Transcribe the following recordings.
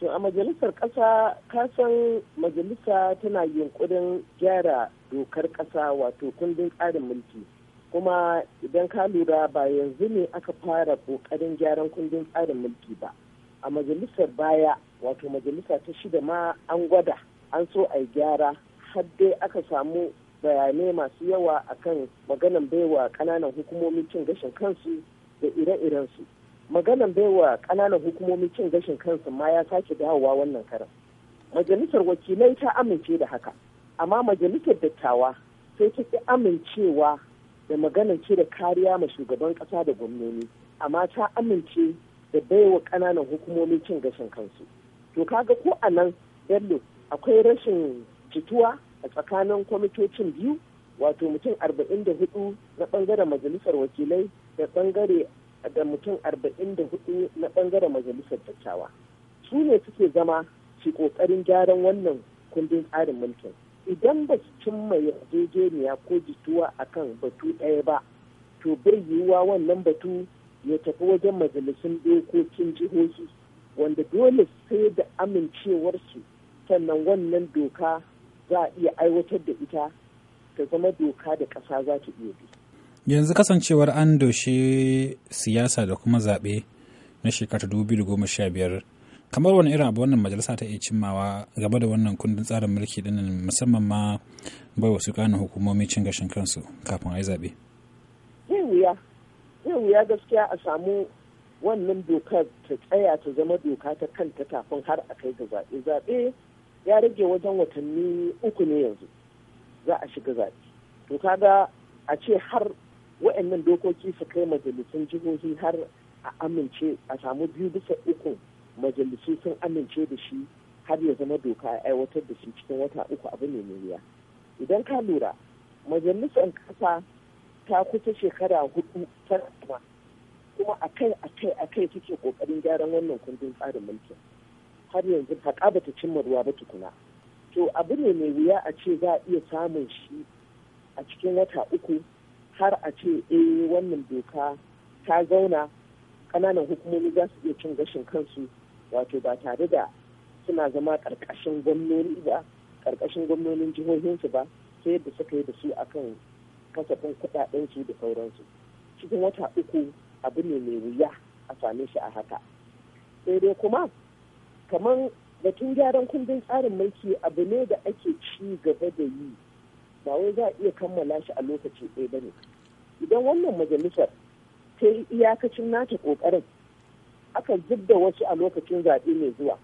To a majalisar ƙasa kasan majalisa tana yunkurin gyara dokar ƙasa wato kundin tsarin mulki. Kuma idan ka lura ba yanzu ne aka fara ƙoƙarin gyaran kundin tsarin mulki ba. A majalisar baya wato majalisa ta shida ma an gwada an so a gyara har dai aka samu bayanai masu yawa akan maganan baiwa ƙananan hukumomin cin gashin kansu da ire-irensu. maganan baiwa kananan hukumomi cin gashin kansu ma ya sake dawowa wannan karan majalisar wakilai ta amince da haka amma majalisar dattawa sai ta ki amincewa da maganan ce da kariya ma shugaban kasa da gwamnoni amma ta amince da baiwa kananan hukumomi cin gashin kansu to kaga ko a nan bello akwai rashin jituwa a tsakanin kwamitocin biyu wato mutum arba'in da hudu na bangaren majalisar wakilai da bangare da mutum arba'in da hudu na bangaren majalisar dattawa su ne suke zama shi kokarin gyaran wannan kundin tsarin mulkin idan ba su cimma yarjejeniya ko jituwa a kan batu ɗaya ba to bai yiwuwa wannan batu ya tafi wajen majalisun dokokin jihohi wanda dole sai da amincewarsu sannan wannan doka za a iya aiwatar da ita ta zama doka da ƙasa za ta iya bi. yanzu kasancewar an doshe siyasa da kuma zaɓe na shekara 2015 kamar wani irin abu wannan majalisa ta iya cimmawa game da wannan kundin tsarin mulki dinnan musamman ma bai wasu kanin hukumomi cin gashin kansu kafin a yi zaɓe. zai wuya gaskiya a samu wannan dokar ta tsaya ta zama doka ta kanta kafin har a kai ga zaɓe zaɓe ya rage wajen watanni uku ne yanzu za a shiga zaɓe to kaga a ce har wa'annan dokoki su kai majalisun jihohi har a amince a samu biyu bisa uku majalisu sun amince da shi har ya zama doka a aiwatar da shi cikin wata uku abu ne mai wuya idan ka lura majalisar kasa ta kusa shekara hudu ta kuma a a kai kai a kai suke kokarin gyaran wannan kundin tsarin mulkin har yanzu haƙa bata cimma ruwa ba tukuna to abu ne mai wuya a ce za a iya samun shi a cikin wata uku har a ce eh wannan doka ta zauna kananan hukumomi za su iya cin gashin kansu wato ba tare da suna zama karkashin gwamnoni ba karkashin gwamnonin jihohinsu ba sai yadda suka yi da su akan kasafin kuɗaɗensu da sauransu cikin wata uku abu ne mai wuya a same shi a haka sai dai kuma kamar batun gyaran kundin tsarin mulki abu ne da ake ci gaba da yi ba wai za a iya kammala shi a lokaci ɗaya ba ne idan wannan majalisar ta yi iyakacin nata kokarin aka zubda wasu a lokacin zaɓe mai zuwa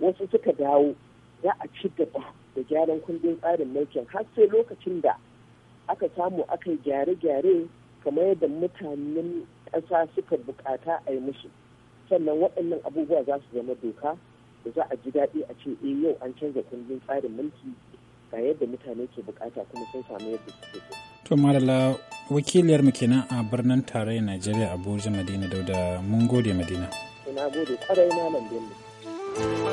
wasu suka dawo za a ci gaba da gyaran kundin tsarin mulkin har sai lokacin da aka samu aka yi gyare-gyare kamar yadda mutanen ƙasa suka bukata a yi musu sannan waɗannan abubuwa za su zama doka da za a ji daɗi a ce eh yau an canza kundin tsarin mulki ga yadda mutane ke bukata kuma sun samu yadda suke so. To wakiliyarmu kenan a birnin tarayyar najeriya abuja madina dauda mun gode madina Ina gode kwarai na nan